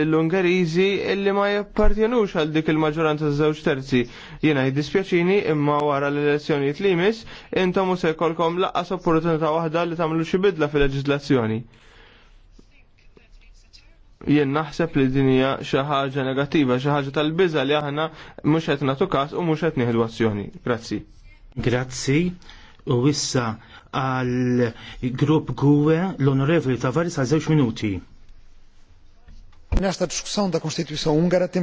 l-Ungarizi illi ma jappartjanux għal dik il-maġoranza żewġ terzi. Jiena jiddispjaċini imma wara l-elezzjonijiet li jmiss intom u se jkollkom laqqas opportunità waħda li tagħmlu xi bidla fil leġislazzjoni jien naħseb li dinija xi ħaġa negattiva, xi ħaġa tal-biża li aħna mhux qed nagħtu każ u mhux qed nieħdu azzjoni. Grazzi. Grazzi. U issa għal grupp Gwe l-Onorevoli Tavares għal żewġ minuti nesta discussão da Constituição húngara